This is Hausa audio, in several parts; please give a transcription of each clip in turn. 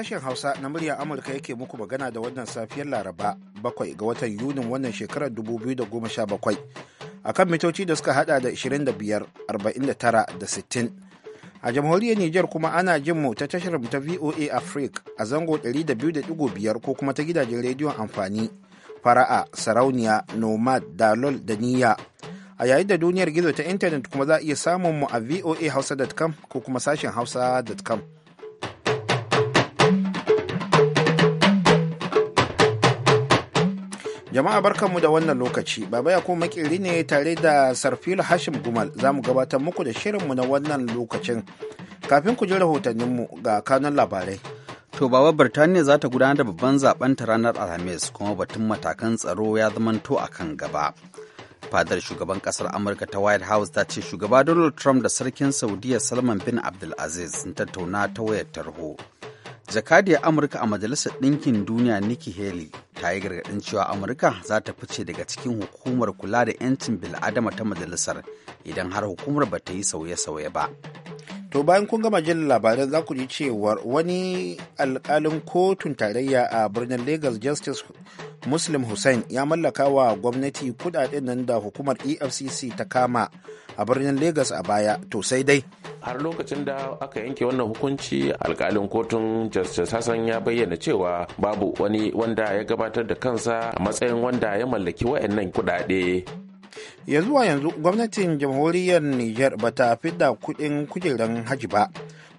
Sashen Hausa na murya Amurka yake muku magana da wannan safiyar Laraba bakwai ga watan Yunin wannan shekarar 2017 akan mitoci da suka hada da 25, 49 da 60. A jamhuriyar Nijar kuma ana jin mu ta tashar ta VOA Africa a zango 200.5 ko kuma ta gidajen rediyon amfani fara'a, sarauniya, nomad, dalol da niyya. A yayin da duniyar gizo ta intanet kuma za a iya samun mu a voahausa.com ko kuma sashen hausa.com. Jama'a barkanmu da wannan lokaci, Baba Yakubu makiri ne tare da Sarfilu Hashim Gumal za mu gabatar muku da shirinmu na wannan lokacin. Kafin ku ji rahotanninmu ga kanun labarai. To Baba Birtaniya za ta gudanar da babban zaben ta ranar Alhamis kuma batun matakan tsaro ya zamanto a kan gaba. Fadar shugaban kasar Amurka ta White House ta ce shugaba Donald Trump da sarkin Saudiya Salman bin Abdulaziz sun tattauna ta wayar tarho. jakadiyar amurka a majalisar ɗinkin duniya nikki haley ta yi gargaɗin cewa amurka za ta fice daga cikin hukumar kula da 'yancin bil'adama ta majalisar idan har hukumar ba ta yi sauye-sauye ba to bayan kun gama jin labaran za ku ji cewar wani alkalin kotun tarayya a birnin lagos justice muslim hussain ya mallaka wa gwamnati kudaden nan da hukumar efcc ta kama a birnin lagos a baya to sai dai har lokacin da aka yanke wannan hukunci alkalin kotun justice hassan ya bayyana cewa babu wani wanda ya gabatar da kansa a matsayin wanda ya mallaki wayannan kudade ya zuwa yanzu gwamnatin jamhuriyar niger ba ta fidda kudin kujerar haji ba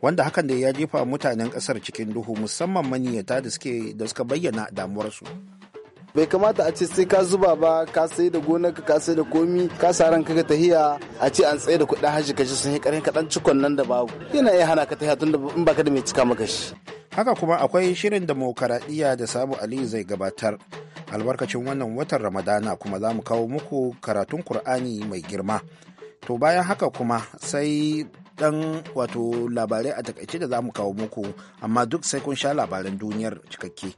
wanda hakan da ya jefa mutanen kasar cikin duhu musamman maniyata da suka bayyana damuwarsu. bai kamata a ce sai ka zuba ba ka sai da gonarka ka sai da komi ka sa ran ka tahiya a ce an tsaye da kuɗin haji kashi sun yi ƙarfin kaɗan cikon nan da babu yana iya hana ka tahiya tunda in baka da mai cika maka shi. haka kuma akwai shirin demokaradiyya da sabu ali zai gabatar albarkacin wannan watan ramadana kuma za mu kawo muku karatun kur'ani mai girma to bayan haka kuma sai dan wato labarai a takaice da za mu kawo muku amma duk sai kun sha labaran duniyar cikakke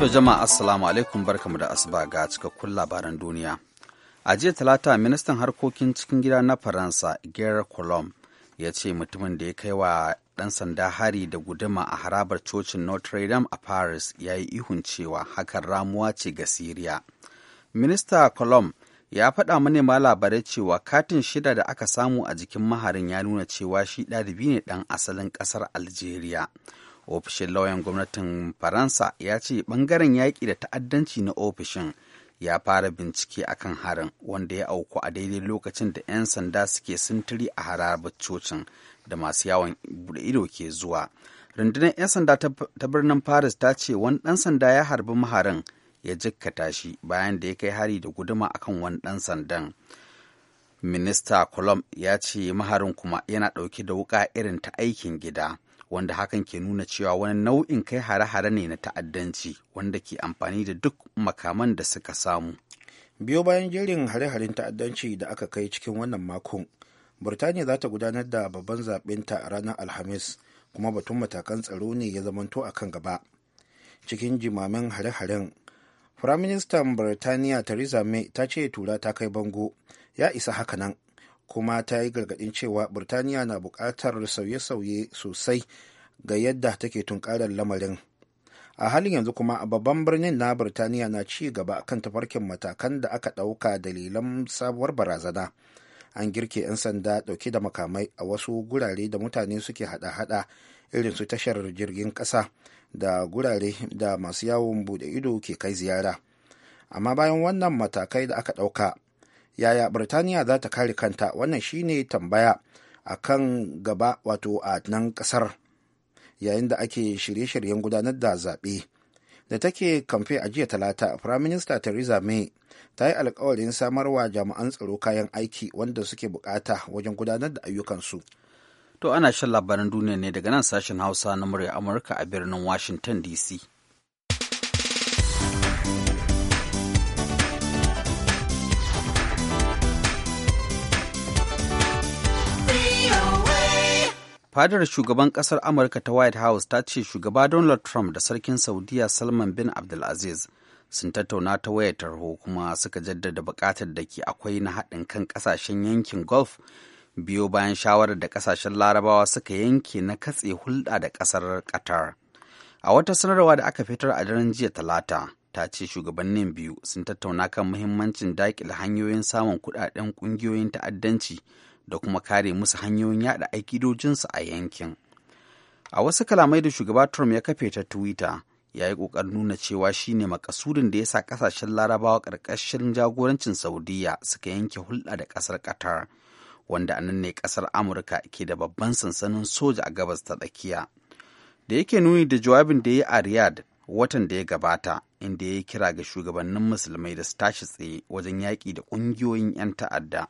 to jama'a assalamu alaikum barkamu da asuba ga cikakkun labaran duniya a jiya talata ministan harkokin cikin gida na faransa gerard colomb ya ce mutumin da ya kai wa ɗan sanda hari da guduma a harabar cocin notre dame a paris ya yi ihun cewa hakan ramuwa ce ga siriya minista colomb ya faɗa manema labarai cewa katin shida da aka samu a jikin maharin ya nuna cewa shi ɗalibi ne ɗan asalin ƙasar algeria ofishin lauyan gwamnatin faransa ya ce ɓangaren yaƙi da ta'addanci na ofishin ya fara bincike akan harin wanda ya auku a daidai lokacin da 'yan sanda suke sintiri a harabar cocin da masu yawon bude ido ke zuwa rundunar 'yan sanda ta birnin paris ta ce wani ɗan sanda ya harbi maharin ya jikkata shi bayan da ya kai hari da guduma akan wani ɗan sandan minista Colomb ya ce maharin kuma yana ɗauke da wuƙa irin ta aikin gida wanda hakan ke nuna cewa wani nau'in kai hare-hare ne na ta'addanci wanda ke amfani da duk makaman da suka samu biyo bayan jerin hare-haren ta'addanci da aka kai cikin wannan makon burtaniya za ta gudanar da babban zaɓenta a ranar alhamis kuma batun matakan tsaro ne ya zamanto a kan gaba cikin jimamin hare-haren firaministan Burtaniya theresa may ta ce tura ta kai bango ya isa haka nan kuma ta yi gargaɗin cewa birtaniya na buƙatar sauye-sauye sosai ga yadda take tunkarar lamarin a halin yanzu kuma a babban birnin na birtaniya na ci gaba kan tafarkin matakan da aka ɗauka dalilan sabuwar barazana an girke 'yan sanda dauke da makamai a wasu gurare da mutane suke hada-hada irin su tashar jirgin kasa da gurare da masu yawon bude ido ke kai ziyara amma bayan wannan matakai da aka dauka yaya birtaniya za ta kare kanta wannan shine tambaya a kan gaba wato a nan kasar yayin da ake shirye-shiryen gudanar da zaɓe da take kamfe a jiya talata firaminista theresa may ta yi alkawarin samarwa jami'an tsaro kayan aiki wanda suke bukata wajen gudanar da ayyukansu. To ana shan labaran duniya ne daga nan sashen Hausa na murya Amurka a birnin Washington DC. fadar shugaban kasar amurka ta white house ta ce shugaba donald trump da sarkin saudiya salman bin abdulaziz sun tattauna ta wayar tarho kuma suka jaddada buƙatar da ke akwai na haɗin kan ƙasashen yankin golf biyo bayan shawarar da ƙasashen larabawa suka yanke na katse hulɗa da ƙasar qatar a wata sanarwa da aka fitar a daren jiya talata ta ce shugabannin biyu sun tattauna kan muhimmancin daƙile hanyoyin samun kuɗaɗen ƙungiyoyin ta'addanci da kuma kare musu hanyoyin yaɗa aikidojinsu a yankin a wasu kalamai da shugaba trump ya kafe ta twitter ya yi ƙoƙarin nuna cewa shi ne makasudin da ya sa ƙasashen larabawa ƙarƙashin jagorancin saudiyya suka yanke hulɗa da ƙasar qatar wanda a nan ne ƙasar amurka ke da babban sansanin soja a gabas ta tsakiya da yake nuni da jawabin da ya yi a riyadh watan da ya gabata inda ya yi kira ga shugabannin musulmai da su tashi tsaye wajen yaƙi da ƙungiyoyin 'yan ta'adda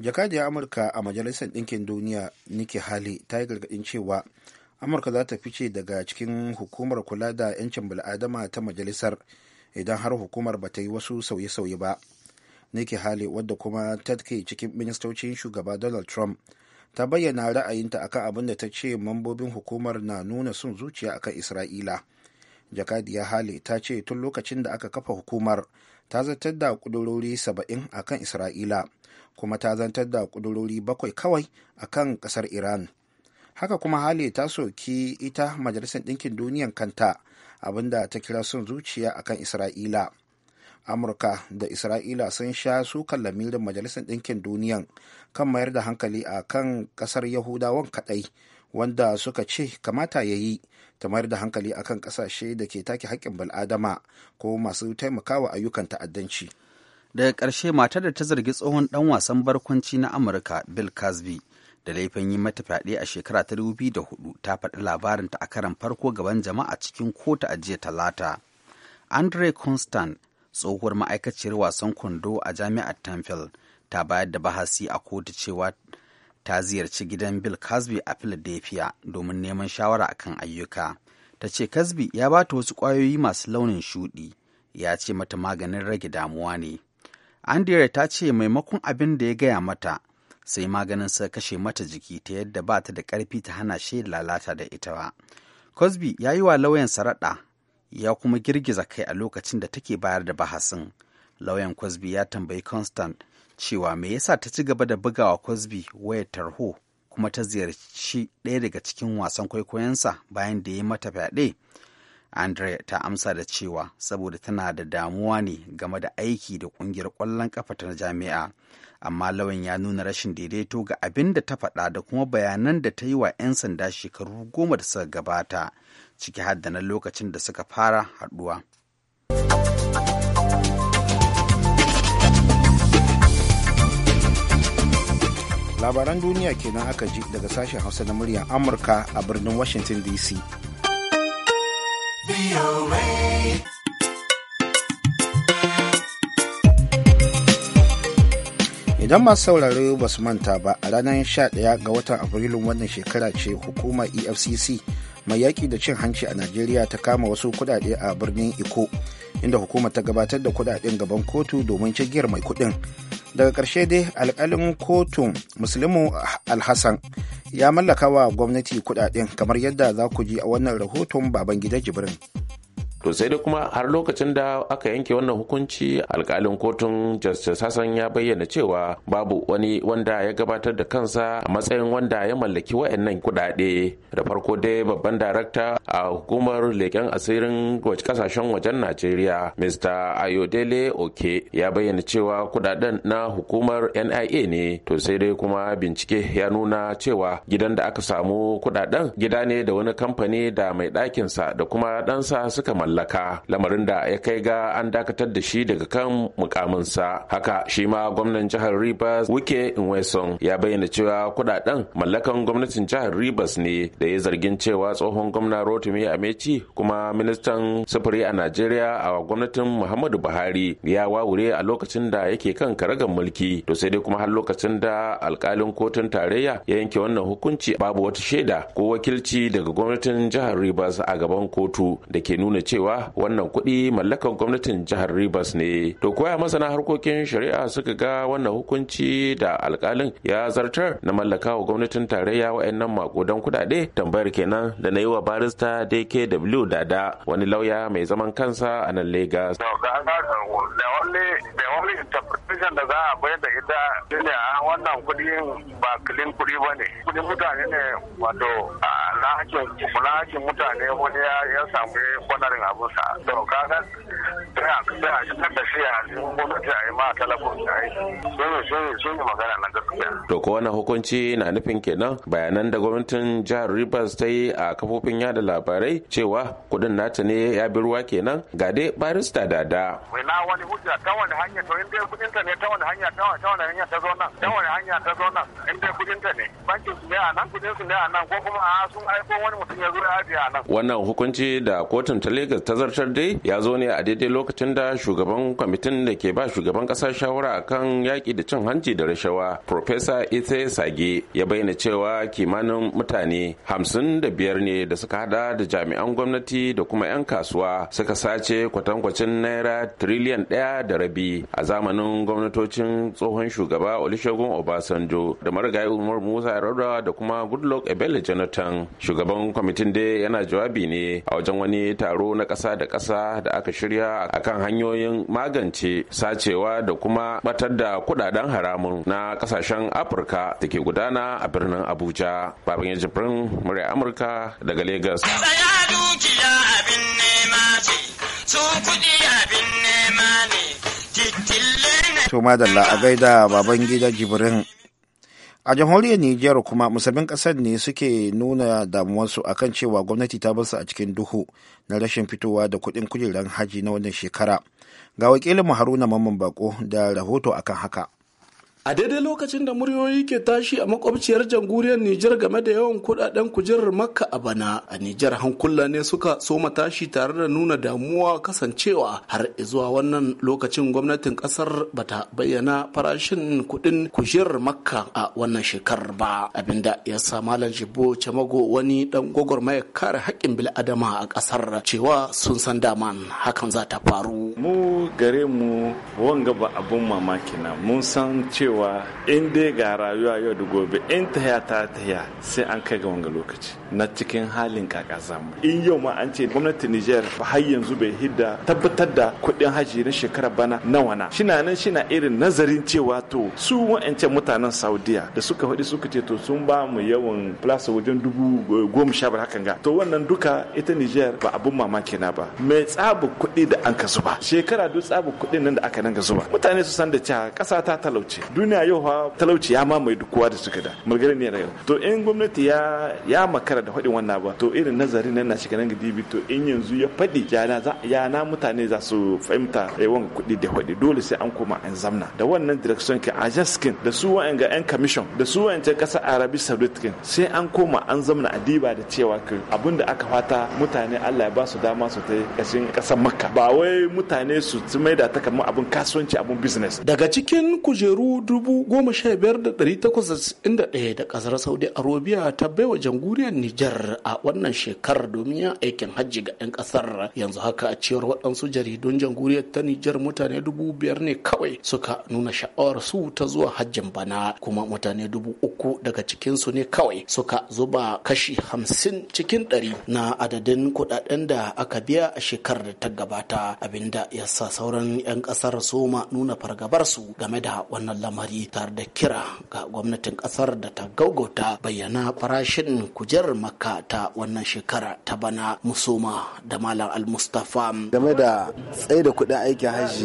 jakadiyar amurka a majalisar ɗinkin duniya nikki hali ta yi gargaɗin cewa amurka za ta fice daga cikin hukumar kula da 'yancin bil'adama ta majalisar idan har hukumar ba ta yi wasu sauye-sauye ba niki hali wadda kuma ta ke cikin ministocin shugaba Donald Trump ta bayyana ra'ayinta akan abin da ta ce mambobin hukumar na nuna son zuciya akan Isra'ila. Jakadiya hali ta ce tun lokacin da aka kafa hukumar ta zartar da kudurori saba'in akan Isra'ila kuma ta zartar da kudurori bakwai kawai a kan kasar Iran. haka kuma hali ta soki ita majalisar ɗinkin duniyan kanta abinda ta kira son zuciya akan isra'ila amurka da isra'ila sun sha sukan lamirin majalisar ɗinkin duniyan kan mayar da hankali a kan ƙasar yahudawan kaɗai wanda suka ce kamata ya yi ta mayar da hankali a kan ƙasashe da ke take haƙƙin bal'adama ko masu taimakawa ayyukan ta'addanci daga ƙarshe matar da ta zargi tsohon ɗan wasan barkwanci na amurka bill casby. da laifin yi mata fyaɗe a shekara ta da hudu, ta faɗi labarinta a karan farko gaban jama'a cikin kota a jiya talata. Andre Constant tsohuwar ma'aikaciyar wasan kwando a jami'ar Tempel, ta bayar da bahasi a kotu cewa ta ziyarci gidan Bill Cosby a Philadelphia domin neman shawara akan ayyuka. Ta ce Cosby ya ba ta wasu ƙwayoyi masu launin shuɗi, ya ce mata maganin rage damuwa ne. Andrea ta ce maimakon abin da ya gaya mata sai maganin sa kashe mata jiki ta yadda ba ta da ƙarfi ta hana shi lalata da ita ba. Cosby ya yi wa lauyan raɗa ya kuma girgiza kai a lokacin da take bayar da bahasin. Lauyan Cosby ya tambayi Constant cewa me yasa ta ci gaba da bugawa Cosby waya tarho kuma ta ziyarci ɗaya daga cikin wasan kwaikwayonsa bayan da ya yi mata fyaɗe. andre ta amsa da cewa saboda tana da damuwa ne game da aiki da kungiyar ƙwallon kafa ta jami'a amma lawan ya nuna rashin daidaito ga abin da ta faɗa da kuma bayanan da ta yi wa 'yan sanda shekaru goma da suka gabata ciki har na lokacin da suka fara haɗuwa. labaran duniya kenan aka ji daga sashen hausa na muryar amurka a birnin washington dc idan masu sauraro ba su manta ba a ranar 11 ga watan afrilu wannan shekara ce hukumar efcc mai yaƙi da cin hanci a najeriya ta kama wasu kudade a birnin iko inda hukumar ta gabatar da kudaden gaban kotu domin cigiyar mai kudin daga ƙarshe dai alƙalin kotun musulmu alhassan ya mallaka wa gwamnati kudaden kamar yadda za ku ji a wannan rahoton baban gida jibrin to sai dai kuma har lokacin da aka yanke wannan hukunci alkalin kotun justice hassan ya bayyana cewa babu wani wanda ya gabatar da kansa a matsayin wanda ya mallaki wayannan kudade da farko dai babban darakta a hukumar leken asirin kasashen wajen najeriya mr ayodele oke ya bayyana cewa kudaden na hukumar nia ne to sai dai kuma bincike ya nuna cewa gidan da aka samu kudaden gida ne da wani kamfani da mai ɗakinsa da kuma ɗansa suka mallaka mallaka lamarin da ya kai ga an dakatar da shi daga kan mukaminsa haka shi ma gwamnan jihar rivers wike inweson ya bayyana cewa kudaden mallakan gwamnatin jihar rivers ne da ya zargin cewa tsohon gwamna rotimi meci kuma ministan sufuri a najeriya a gwamnatin muhammadu buhari ya wawure a lokacin da yake kan karagar mulki to sai dai kuma har lokacin da alkalin kotun tarayya ya yanke wannan hukunci babu wata shaida ko wakilci daga gwamnatin jihar rivers a gaban kotu da ke nuna cewa cewa wannan kuɗi mallakan gwamnatin jihar Rivers ne. To koya masana harkokin shari'a suka ga wannan hukunci da alkalin ya zartar na mallaka wa gwamnatin tarayya wa'annan makudan kuɗaɗe tambayar kenan da na yi wa barista DKW Dada wani lauya mai zaman kansa a nan Lagos. da wani za a bayar da ita a wannan kudi ba kilin kudi ba ne kudin mutane ne wato na hakin mutane wani ya samu kwanarin abun sa to kaga a da shi a cikin yi ma talabon magana na gaskiya to ko wannan hukunci na nufin kenan bayanan da gwamnatin jihar Rivers ta yi a kafofin yada labarai cewa kudin nata ne ya bi ruwa kenan ga dai barista dada na wani sun aiko wani mutum ya zo wannan hukunci da kotun ta Lagos tazartar dai ya zo ne a daidai lokacin da shugaban kwamitin da ke ba shugaban ƙasar shawara kan yaƙi da cin hanci da rashawa Profesa Ithe Sage ya bayyana cewa kimanin mutane hamsin da biyar ne da suka hada da jami'an gwamnati da kuma 'yan kasuwa suka sace kwatankwacin naira tiriliyan ɗaya da rabi a zamanin gwamnatocin tsohon shugaba Olusegun Obasanjo da marigayi Umar Musa Yar'adua da kuma Goodluck Ebele Jonathan. Shugaban kwamitin dai yana jawabi ne a wajen wani taro na na ƙasa da ƙasa da aka shirya a kan hanyoyin magance sacewa da kuma batar da kudaden haramun na ƙasashen afirka da ke gudana a birnin abuja baban ya jibrin murya amurka daga lagos to madalla a gaida baban gida jibrin a jamhuriyar niger kuma musabbin kasar ne suke nuna damuwarsu a kan cewa gwamnati ta bar a cikin duhu na rashin fitowa da kuɗin kujerar haji na wannan shekara ga wakilin haruna mamman bako da rahoto akan haka a daidai lokacin da muryoyi ke tashi a makwabciyar janguriyar Nijar game da yawan kudaden kujerar makka a bana a Nijar hankula ne suka soma tashi tare da nuna damuwa kasancewa har zuwa wannan lokacin gwamnatin kasar bata bayyana farashin kudin kujerar makka a wannan shekarar ba abinda ya sa malam jibo chamago wani dan gwagwarmayar kare haƙƙin bil'adama a kasar cewa sun san daman hakan za ta faru mu gare mu wanga ba abun mamaki na mun san cewa cewa in dai ga rayuwa yau da gobe in ta ya ta ya sai an kai ga wanga lokaci na cikin halin kaka zamu in yau ma an ce gwamnatin Niger har yanzu bai hidda tabbatar da kuɗin haji na shekara bana nawa na shina nan shina irin nazarin cewa to su wa'ancan mutanen Saudiya da suka faɗi suka ce to sun ba mu yawan plus wajen dubu eh, goma sha hakan ga to wannan duka ita Niger ba abun mamaki na ba mai tsabu kuɗi da an ka zuba shekara duk tsabu kuɗin nan da aka nan ga zuba mutane su san da cewa ƙasa ta talauce duniya yau ha talauci ya mamaye duk kowa da suka da malgari ne yau to in gwamnati ya ya makara da faɗin wannan ba to irin nazarin nan na shiga nan dibi to in yanzu ya faɗi na mutane za su fahimta yawan eh, kuɗi da faɗi dole sai an koma an zamna da wannan direction kin ajaskin da su ga yan commission da su ta kasa arabi saudi sai an koma an zamna a diba da cewa kin abinda aka fata mutane Allah ya ba su dama su ta kashin ƙasar makka ba wai mutane su mai da ta kamar abin kasuwanci abin business daga cikin kujeru 15891 da kasar saudi arabia ta baiwa jamhuriyar nijar a wannan shekarar domin yin aikin hajji ga 'yan kasar yanzu haka a cewar waɗansu jaridun jamhuriyar ta nijar mutane dubu biyar ne kawai suka nuna sha'awar su ta zuwa hajjin bana kuma mutane dubu uku daga cikinsu ne kawai suka zuba kashi hamsin cikin ɗari na adadin kuɗaɗen da aka biya a shekarar da ta gabata abinda ya sa sauran 'yan kasar ma nuna fargabar su game da wannan lamarin al'amari tare da kira ga gwamnatin kasar da ta gaugauta bayyana farashin kujerar maka ta wannan shekara ta bana musoma da malam al-mustafa game da tsaye da kuɗin aikin hajji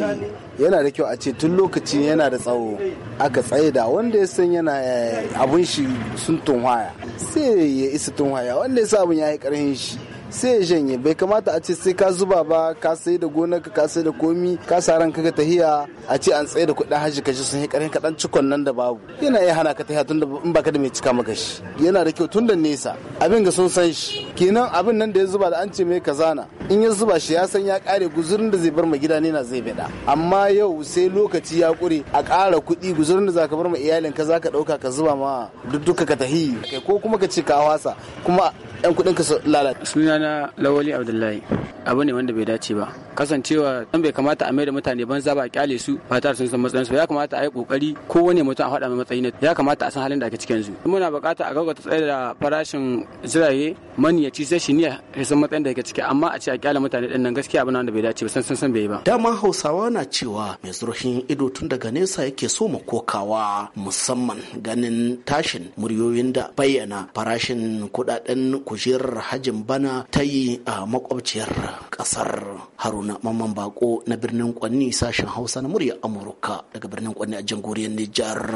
yana da kyau a ce tun lokaci yana da tsawo aka tsaida wanda ya san yana eh, abun shi sun tunhaya sai ya isa tunwaya wanda ya sa abun ya yi karhin shi sai ya janye bai kamata a ce sai ka zuba ba ka sai da gonar ka sai da komi ka sa ran ka tahiya a ce an tsaye da kudin haji kashi sun yi karin kaɗan cikon nan da babu yana iya hana ka tahiya tun da in baka da mai cika maka shi yana da kyau tun da nesa abin ga sun san shi kenan abin nan da ya zuba da an ce mai kazana in ya zuba shi ya san ya kare guzurin da zai bar ma gida ne na zai bada amma yau sai lokaci ya kure a kara kuɗi guzurin da zaka bar ma iyalin ka zaka dauka ka zuba ma duk duka ka tahi ko kuma ka ce ka wasa kuma 'yan kuɗin ka lalata. sunana lawali abdullahi abu ne wanda bai dace ba kasancewa dan bai kamata a maida mutane banza ba a kyale su ba tare sun san matsayin su ya kamata a yi kokari wani mutum a faɗa mai matsayi ya kamata a san halin da ake cikin yanzu muna bukata a gaggauta tsaye da farashin jirage maniyaci sai shi niyya ya san matsayin da ke ciki amma a ce a kyale mutane din nan gaskiya abin wanda bai dace ba san san san bai ba dama hausawa na cewa mai zurfin ido tun daga nesa yake so mu kokawa musamman ganin tashin muryoyin da bayyana farashin kudaden kujerar hajin bana ta yi a makwabciyar kasar haruna mamman bako na birnin kwanni sashen hausa na murya amurka daga birnin kwanni a jamhuriyar nijar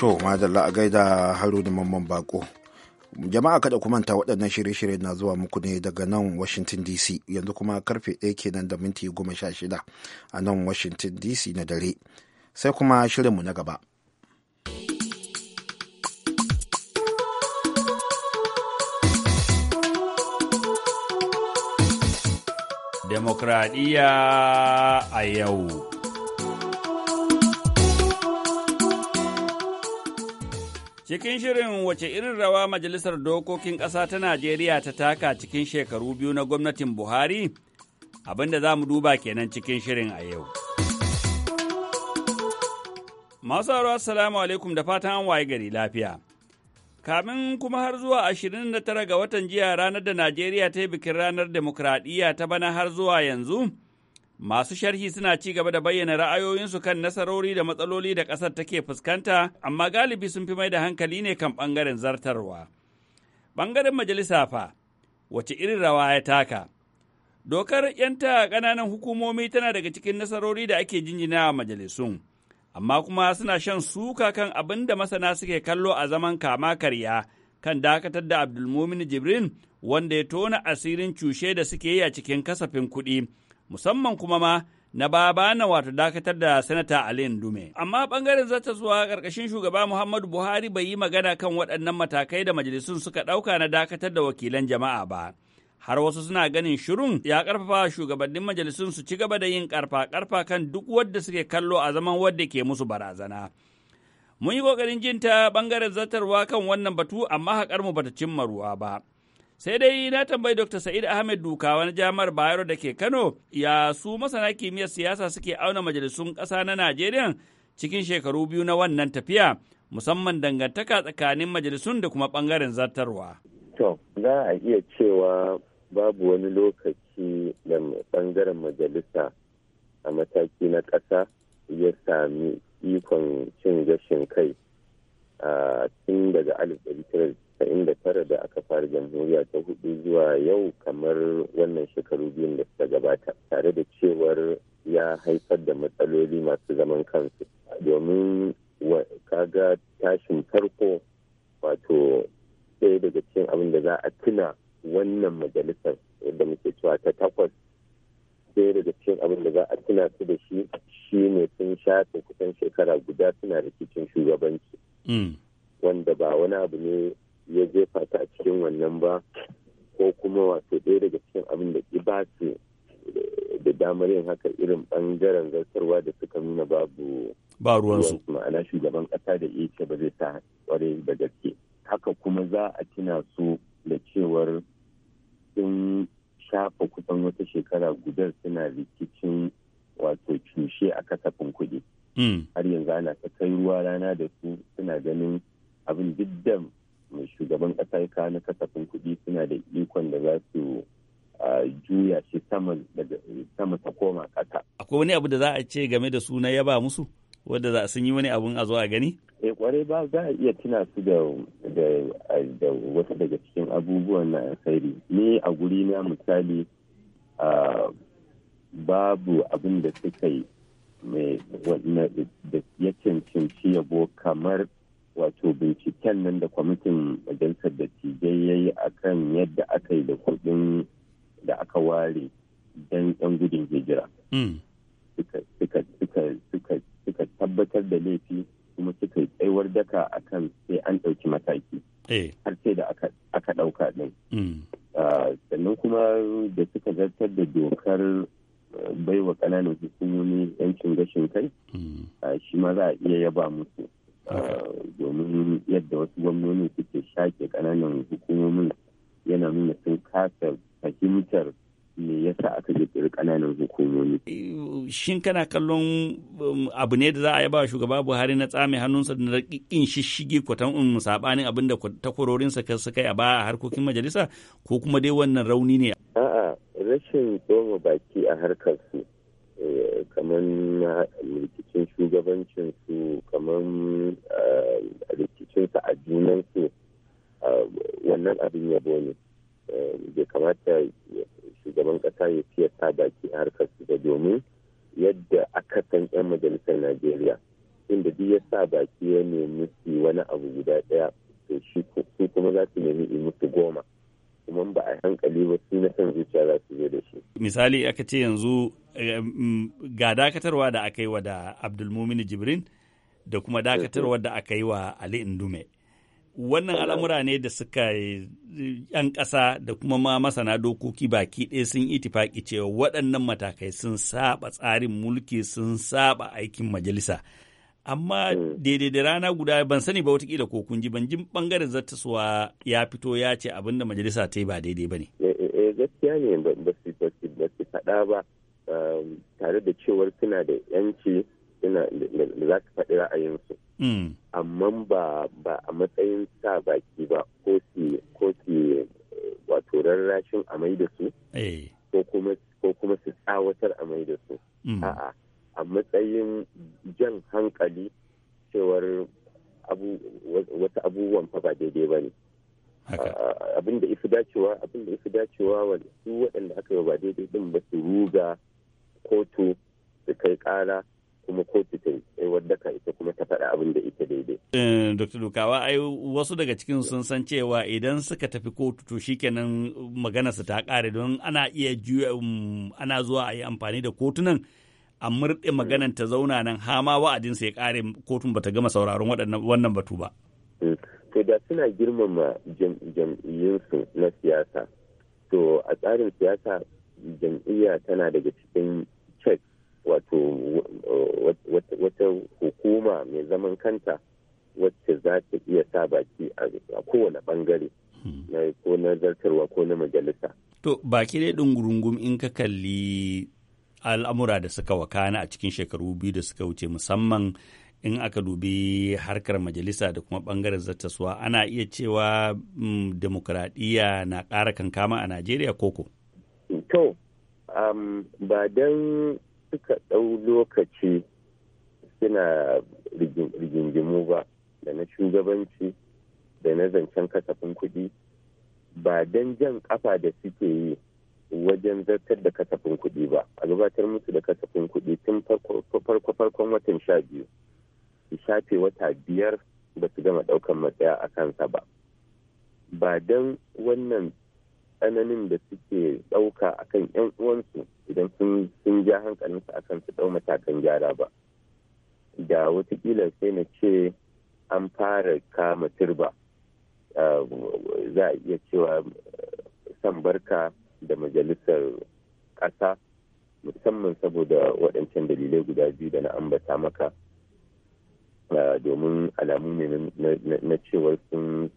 to madalla a gaida haruna mamman bako jama'a kada ku manta waɗannan shirye-shirye na zuwa muku ne daga nan washington dc yanzu kuma karfe ɗaya kenan da minti goma sha shida a nan washington dc na dare sai kuma shirinmu na gaba demokradiyya a yau Cikin shirin wace irin rawa Majalisar Dokokin Ƙasa ta Najeriya ta taka cikin shekaru biyu na gwamnatin Buhari? Abinda za mu duba kenan cikin shirin a yau. Masu haro assalamu alaikum da fatan an waye gari lafiya. Kamin kuma har zuwa ashirin tara ga watan jiya ranar da Najeriya ta yi bikin ranar demokradiyya ta bana har zuwa yanzu, Masu sharhi suna ci gaba da bayyana ra'ayoyinsu kan nasarori da matsaloli da ƙasar take fuskanta, amma galibi sun fi mai da hankali ne kan ɓangaren zartarwa. Ɓangaren majalisa fa, wace irin rawa ya taka? Dokar ‘yanta ƙananan hukumomi tana daga cikin nasarori da ake jinjina majalisun, amma kuma suna shan suka kan abin da masana suke kallo a zaman kama karya kan dakatar da Abdulmumin Jibrin wanda ya tona asirin cushe da suke yi a cikin kasafin kuɗi. musamman kuma ma na baba na wato dakatar da sanata Alain Dume. Amma bangaren zata zuwa karkashin shugaba Muhammadu Buhari bai yi magana kan waɗannan matakai da majalisun suka ɗauka na dakatar da wakilan jama'a ba. Har wasu suna ganin shirun ya ƙarfafa shugabannin majalisun su ci gaba da yin karfa-karfa kan duk wadda suke kallo a zaman wadda ke musu barazana. Mun yi ƙoƙarin jinta ɓangaren zartarwa kan wannan batu amma haƙar mu bata cimma ruwa ba. Sai dai na tambayi Dr. Sa'id Ahmed Dukawa na Jami'ar Bayero da ke Kano, ya su masana kimiyyar siyasa suke auna majalisun ƙasa na Najeriya cikin shekaru biyu na wannan tafiya, musamman dangantaka tsakanin majalisun da kuma bangaren zartarwa. To, za a iya cewa babu wani lokaci da bangaren majalisa a mataki na ƙasa ya sami ikon cin gashin kai a ah, tun daga casa'in da tara da aka fara jamhuriya ta hudu zuwa yau kamar wannan shekaru biyun da suka gabata tare da cewar ya haifar da matsaloli masu zaman kansu domin kaga tashin farko wato ɗaya daga cikin abin da za a tuna wannan majalisar da muke cewa ta takwas ɗaya daga cikin abin da za a tuna su da shi shi ne sun shafe kusan shekara guda suna rikicin shugabanci mm. wanda ba wani abu ne ya jefa ta a cikin wannan ba ko kuma wato ɗaya daga cikin abin da ki ba su da damar yin haka irin bangaren zartarwa da suka nuna babu ba ruwansu ma'ana shugaban ƙasa da ya ba zai ta kware da gaske haka kuma za a tuna su da cewar sun shafa kusan wata shekara gudar suna rikicin wato cushe a kasafin kuɗi hmm. har yanzu ana ta kai ruwa rana da su suna ganin abin diddan mai shugaban kasa ya kawo na kasafin kuɗi suna da ikon da za su juya shi sama ta koma kasa. Akwai wani abu da za a ce game da su na yaba musu? Wadda za sun yi wani abun a zo a gani? Eh kwarai ba za a iya tuna su da wasu daga cikin abubuwan na alkhairi. Ni a guri na misali babu abin da suka yi da ya cancanci yabo kamar wato binciken nan da kwamitin majalisar dattijai ya yi a kan yadda aka yi da kuɗin da aka ware don 'yan gudun hijira hmm. suka tabbatar da laifi kuma suka yi tsayuwar daka a kan sai an ɗauki mataki eh. har sai da aka ɗauka ɗin hmm. ah, sannan kuma da suka zartar da dokar eh, baiwa ƙananan hukumomi 'yancin gashin kai hmm. ah, shi ma za a iya yaba musu Ah, domin yadda wasu gwamnoni suke shaƙe ƙananan hukumomin yana nuna sun kasa fahimtar me yasa aka kirkiri ƙananan hukumomi. Shin kana kallon um, abu ne da za a yaba shugaba Buhari na tsame hannunsa da ƙin shishigi kwatan um sabanin abin da takwarorinsa suka yi a baya a harkokin majalisa ko kuma dai wannan rauni ne? A'a rashin tsoma baki a harkar su kamar na eh, rikicin shugabancin su kamar eh, rikicin su a junan su eh, wannan abin yabo ne bai kamata shugaban kasa ya fiye ta baki a harkar su da domin yadda aka san 'yan majalisar najeriya inda duk ya sa baki ya nemi su wani abu guda daya to shi kuma za su nemi musu goma kuma ba a hankali ba su na san zuciya za su zo da shi. Misali aka ce yanzu eh, mm, ga dakatarwa da aka yi wa da Abdulmumin Jibrin da kuma dakatarwa da aka yi wa Ali Indume. Wannan al'amura ne da suka eh, ‘yan ƙasa da kuma ma masana dokoki baki ɗaya sun itifaki cewa waɗannan matakai sun saba tsarin mulki sun saba aikin majalisa. amma hmm. daidai da rana guda ban sani ba watakila ko kun ji ban jin bangaren zattasuwa ya fito ya ce abin da majalisa ta yi ba daidai ba ne. Eh, eh, eh, gaskiya ne ba su faɗa ba um, tare da cewar suna da yanci suna da za su faɗi ra'ayinsu. Hmm. Amma ba a matsayin sa baki ba ko su ko su wato rarrashin amai da su ko kuma su tsawatar amai da su. Hmm. A'a. a matsayin jan hankali cewar wata abubuwan fa ba daidai ba ne abin da dacewa abinda isu dacewa wa su waɗanda aka yi ba daidai din ba su ruga kotu su kai ƙara kuma kotu ta wadda ka ita kuma ta faɗa abinda ita daidai. Eh, Dr. Dukawa, ai wasu daga cikin sun san cewa idan suka tafi kotu to shikenan magana su ta kare don ana iya juya mm, ana zuwa a yi amfani da kotunan a murɗe eh. maganan ta zauna nan hama wa'adinsa ya ƙare kotun bata gama sauraron wannan batu ba. Eh, to da suna girmama jam'iyyunsu na siyasa. To a tsarin siyasa jam'iyya tana daga cikin check wato wata hukuma mai zaman kanta wacce za ta iya sa baki a kowane bangare hmm. ko na zartarwa ko na majalisa. To baki dai ɗungurungum in ka kalli al'amura da suka wakana a cikin shekaru biyu da suka wuce musamman in aka dubi harkar majalisa da kuma bangaren zattaswa ana iya cewa mm, demokuraɗiyya na ƙara kankama a najeriya koko to um, ba don suka ɗau lokaci suna rigingimu ba da na shugabanci da na zancen kasafin kuɗi ba don jan ƙafa da suke yi wajen zartar da kasafin kuɗi ba a gabatar musu da kasafin kuɗi tun farko-farkon watan sha biyu su shafe wata biyar ba su gama ɗaukan matsaya a kansa ba ba don wannan tsananin da suke ɗauka a kan 'yan uwansu idan sun ja hankalinsu kan su ɗau matakan gyara ba da watakila sai na ce an fara kama turba ah, za a iya cewa eh, san barka da majalisar ƙasa musamman saboda waɗancan dalilai guda biyu da na ambata maka domin alamu ne na cewar sun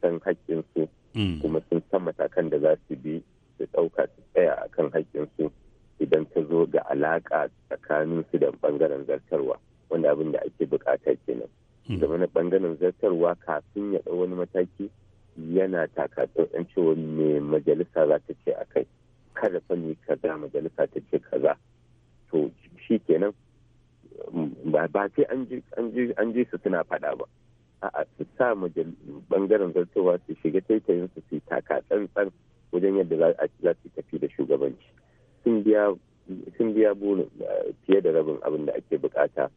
san haƙƙinsu hmm. kuma sun san matakan da za su bi su ɗauka su tsaya a kan haƙƙinsu idan ta zo ga alaƙa tsakaninsu da ɓangaren zartarwa wanda abin da ake bukata kenan. zama hmm. na ɓangaren zartarwa kafin ya wani mataki yana yan cewa me majalisa za ta ce a kai kada fa ni kaza majalisa ta ce kaza to shi kenan ba sai an ji su suna faɗa ba a'a su sa bangaren zartowa su shiga taitayin su su taka tsantsan wajen yadda za su tafi da shugabanci sun biya burin eh, fiye da rabin abin da ake bukata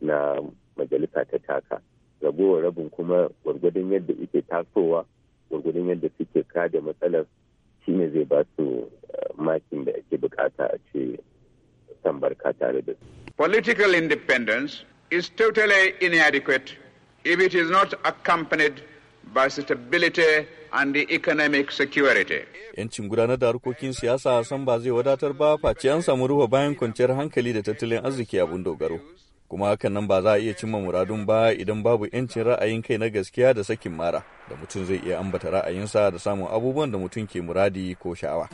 na majalisa ta taka ragowar rabin kuma gwargwadon yadda ike tasowa gwargwadon yadda suke kada matsalar shine zai ba su eh, makin da ake bukata a ce san barka tare da su. Political independence is totally inadequate if it is not accompanied by stability and the economic security. Yancin gudanar da harkokin siyasa san ba zai wadatar ba face an samu ruwa bayan kwanciyar hankali da tattalin arziki abun dogaro. kuma hakan nan ba za a iya cimma muradun ba idan babu yancin ra'ayin kai na gaskiya da sakin mara da mutum zai iya ambata ra'ayinsa da samun abubuwan da mutum ke muradi ko sha'awa.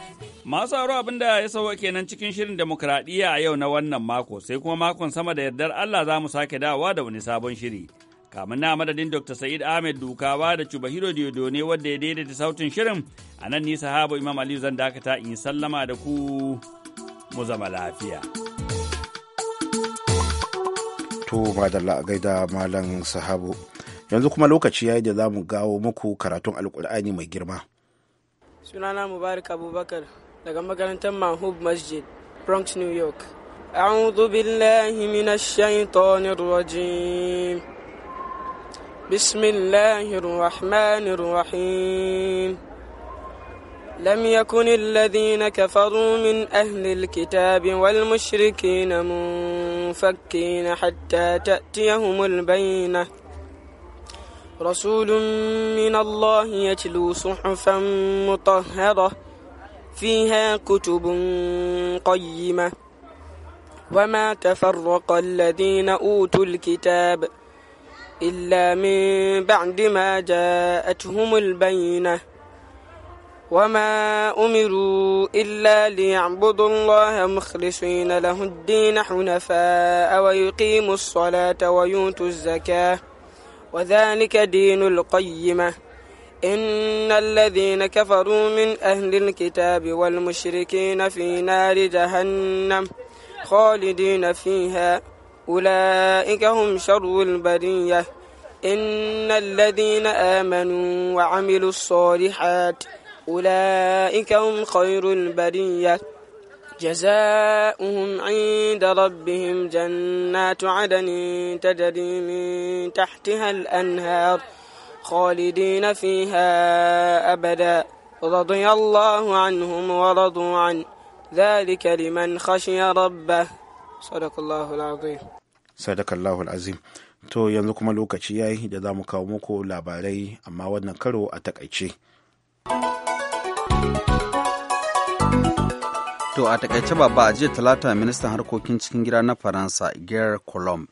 Masu sauro abin da ya sauwa kenan cikin shirin demokradiyya a yau na wannan mako sai kuma makon sama da yardar Allah za mu sake dawowa da wani sabon shiri. kamun na madadin Dr. Sa'id Ahmed Dukawa da Chubahiro ne wanda ya daidaita sautin shirin a nan ni habu Imam Aliyu zan dakata in sallama da ku mu zama lafiya. to madalla gaida malam sahabu yanzu kuma lokaci yayi da za mu gawo muku karatun alkur'ani mai girma sunana mubarak abubakar daga makarantar mahub masjid bronx new york أعوذ بالله من الشيطان الرجيم بسم الله الرحمن الرحيم لم يكن الذين كفروا من أهل الكتاب والمشركين من مفكين حتى تأتيهم البينة رسول من الله يتلو صحفا مطهرة فيها كتب قيمة وما تفرق الذين أوتوا الكتاب إلا من بعد ما جاءتهم البينة وما أمروا إلا ليعبدوا الله مخلصين له الدين حنفاء ويقيموا الصلاة ويؤتوا الزكاة وذلك دين القيمة إن الذين كفروا من أهل الكتاب والمشركين في نار جهنم خالدين فيها أولئك هم شر البرية إن الذين آمنوا وعملوا الصالحات أولئك هم خير البرية جزاؤهم عند ربهم جنات عدن تجري من تحتها الأنهار خالدين فيها أبدا رضي الله عنهم ورضوا عن ذلك لمن خشي ربه صدق الله العظيم صدق الله العظيم to yanzu kuma lokaci yayi da za mu kawo muku labarai amma wannan karo a takaice. To a takaice baba a jiya talata ministan harkokin cikin gida na Faransa Pierre Colomb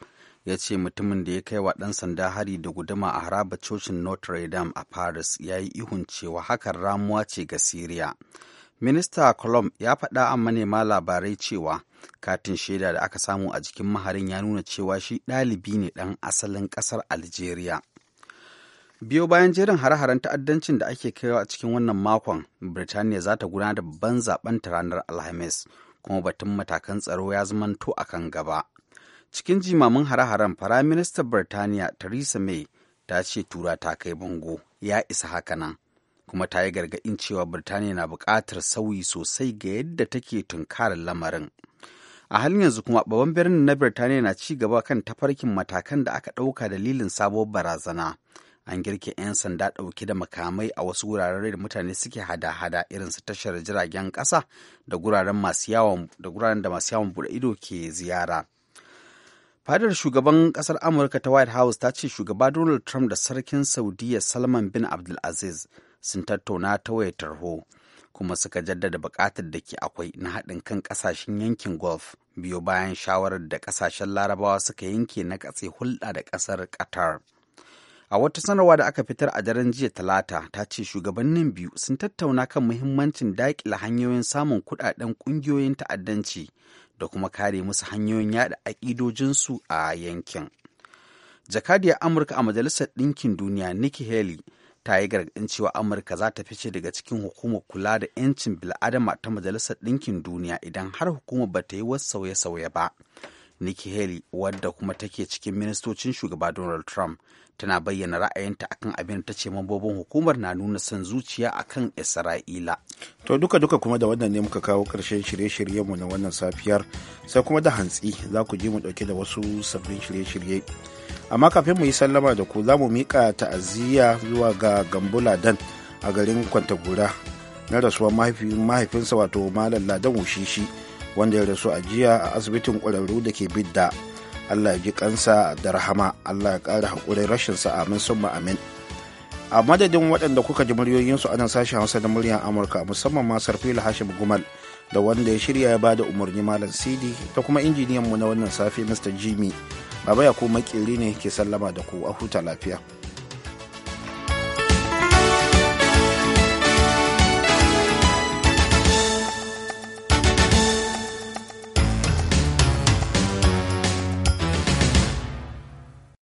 ya ce mutumin da ya kai wa ɗan sanda hari da guduma a haraba cocin Notre Dame a Paris ya yi ihun cewa hakan ramuwa ce ga Siriya. Minista Colomb ya faɗa a manema labarai cewa katin shaida da aka samu a jikin maharin ya nuna cewa shi ɗalibi ne ɗan asalin ƙasar Algeria. biyo bayan jerin hare-haren ta'addancin da ake kaiwa a cikin wannan makon birtaniya za ta gudanar da babban zaben ta ranar alhamis kuma batun matakan tsaro ya zamanto a kan gaba cikin jimamin hare-haren firaministan birtaniya theresa may ta ce tura ta kai bango ya isa haka nan kuma ta yi gargaɗin cewa birtaniya na buƙatar sauyi sosai ga yadda take tunkarar lamarin a halin yanzu kuma babban birnin na birtaniya na ci gaba kan tafarkin matakan da aka ɗauka dalilin sabuwar barazana an girke 'yan sanda ɗauke da makamai a wasu wuraren da mutane suke hada-hada irin su tashar jiragen ƙasa da guraren da masu yawon buɗe ido ke ziyara. fadar shugaban ƙasar amurka ta white house ta ce shugaba donald trump da sarkin saudiya salman bin abdulaziz sun tattauna ta wayar tarho kuma suka jaddada buƙatar da ke akwai na haɗin kan ƙasashen yankin golf biyo bayan shawarar da ƙasashen larabawa suka yanke na katse hulɗa da ƙasar qatar. a wata sanarwa da aka fitar a daren jiya talata ta ce shugabannin biyu sun tattauna kan muhimmancin daƙila hanyoyin samun kuɗaɗen ƙungiyoyin ta'addanci da kuma kare musu hanyoyin yada aƙidojinsu a yankin jakadiyar amurka a majalisar ɗinkin duniya nikki haley ta yi gargaɗin cewa amurka za ta fice daga cikin hukumar kula da 'yancin bil'adama ta majalisar ɗinkin duniya idan har hukumar ba ta yi wasu sauye-sauye ba nikki haley wadda kuma take cikin ministocin shugaba donald trump tana bayyana ra'ayinta akan abin ta ce mambobin hukumar na nuna son zuciya akan isra'ila to duka duka kuma da wannan ne muka kawo karshen shirye-shiryenmu na wannan safiyar sai kuma da hantsi za ku je mu dauke da wasu sabbin shirye-shirye amma kafin mu yi sallama da ku za mu miƙa ta'aziyya zuwa ga gambo ladan a garin kwantagura na rasuwar mahaifinsa wato malam ladan wushishi wanda ya rasu a jiya a asibitin kwararru da ke bidda Allah ya ji kansa da rahama Allah ya ƙara haƙurin rashin sa amin summa amin a madadin waɗanda kuka ji muryoyinsu a nan sashen hausa da muryar amurka musamman ma sarfila hashim gumal da wanda ya shirya ya bada umarni malam sidi da kuma injiniyan mu na wannan safe mr jimmy baba ya ko makeri ne ke sallama da ku a huta lafiya